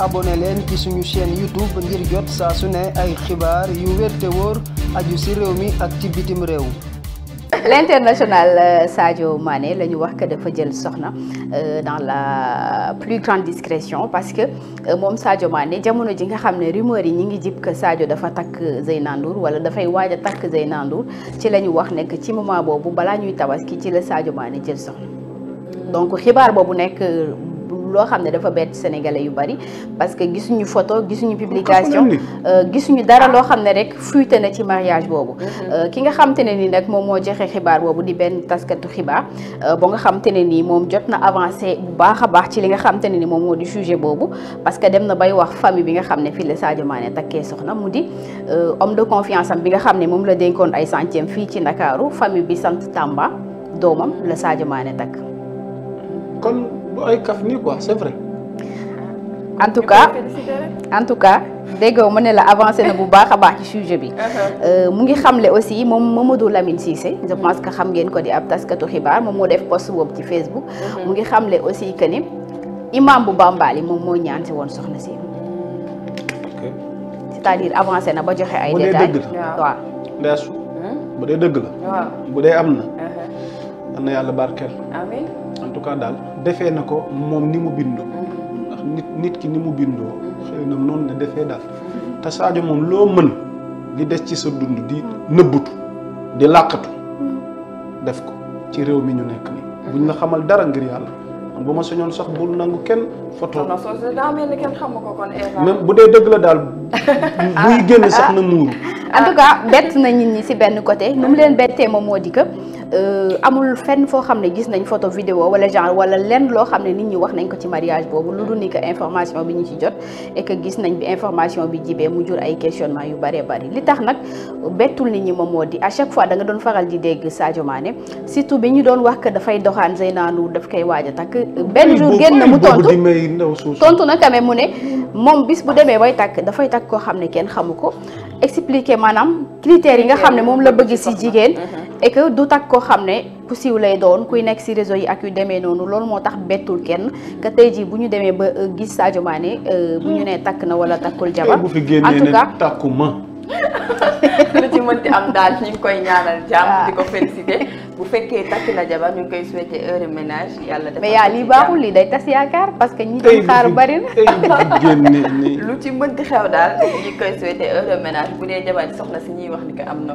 abonné leen ci suñu chaîne YouTube ngir jot saa su ne ay xibaar yu wér te wóor aju si réew mi ak ci bitim réew. L'international euh, Sadio Mané la ñu wax que dafa jël soxna euh, dans la plus grande discrétion parce que euh, moom Sadio Mané jamono ji nga xam ne rumeur yi ñu ngi jib que Sadio dafa takk Zeyna Ndour wala dafay waaj a takk Zeyna Ndour ci la ñu wax nekk ci moment boobu balaa ñuy tabaski ci la saajo Mané jël soxna donc xibaar boobu nekk. loo xam ne dafa bett sénégalais yu bari parce que gisuñu photo gisuñu publication euh, gisuñu dara loo xam ne rek fuité na ci mariage boobu euh, ki nga xam ne nii nag moom moo joxe xibaar boobu di benn taskatu xibaar euh, ba nga xam ne nii moom jot na avancé bu baax a baax ci li nga xam ne ni moom moo di sujet boobu parce que dem na bay wax famille bi nga xam ne fii la Sadio Mané takkee soxna mu di homme de confiance am bi nga xam ne moom la dénkoon ay centième fii ci Ndakaaru famille bi sant Tamba doomam la Sadio Mané takk du ay kaf nii quoi c'est vrai. en tout cas en tout cas déggoo ma ne la avancé na bu baax a baax ci sujet bi. Uh-huh. Euh, mu ngi xam le aussi moom Mamadou Lamine Cissé je pense que xam ngeen ko di ab taskatu xibaar moom moo def post boobu ci Facebook. Uh-huh. mu ngi xam le aussi que ni imam bu yi moom mooy ñaan si woon soxna si. c'est-à-dire avancé na ba joxe ay détails. Hmm? bu dee dëgg la bu dee dëgg la. bu dee am na. Uh-huh. na yàlla barkeel. amiin en tout cas daal defee na ko moom ni mu bindoo. ndax nit nit ki ni mu bindoo xëy na noonu la defee daal te Sadio moom loo mën li des ci sa dund di nëbbutu di làqatu def ko ci réew mi ñu nekk nii. buñ la xamal dara ngir yàlla. bu ma soñoon sax bul nangu kenn photo daa mel bu dee dëgg la daal buy génn sax ah. na muuru en tout bett na nit ñi si benn côté nu mu leen bettee moom moo di que Euh, amul fenn foo xam ne gis nañ photo vidéo wala genre wala lenn loo xam ne nit ñi wax nañ ko ci mariage boobu lu dul ni que information bi ñu ci jot et que gis nañ bi information bi jibee mu jur ay questionnement yu bëree bëri li tax nag bettul nit ñi moom moo di à chaque fois danga doon faral di dégg Sadio Mané surtout bi ñu doon wax que dafay doxaan Zeyna Ndour daf koy waaja a takk euh, benn jour génn na mu tontu tontu na quand même mu ne moom bis bu demee bay takk dafay takk koo xam ne kenn xamu ko expliquer maanaam critères yi nga xam ne moom la bëgg si jigéen mm-hmm. et du tag koo xam ne ku siiw lay doon kuy nekk ci réseau yi ak yu demee noonu loolu moo tax bettul kenn que tey jii bu ñu demee ba euh, gis Sadio Mané euh, bu ñu nee takk na wala takkul jabar bu fi génnee ne takkuma lu ci mënti am daal ñu ngi koy ñaanal jàmm ah. di ko féliciter bu fekkee takk na jabar ñu ngi koy souhaiter heure ménage yàlla def mais yaa lii baaxul lii day tas yaakaar parce que ñi doon xaar bari na lu ci mënti xew daal ñu ngi koy souhaiter heure dee jabar soxna si wax ni ko am na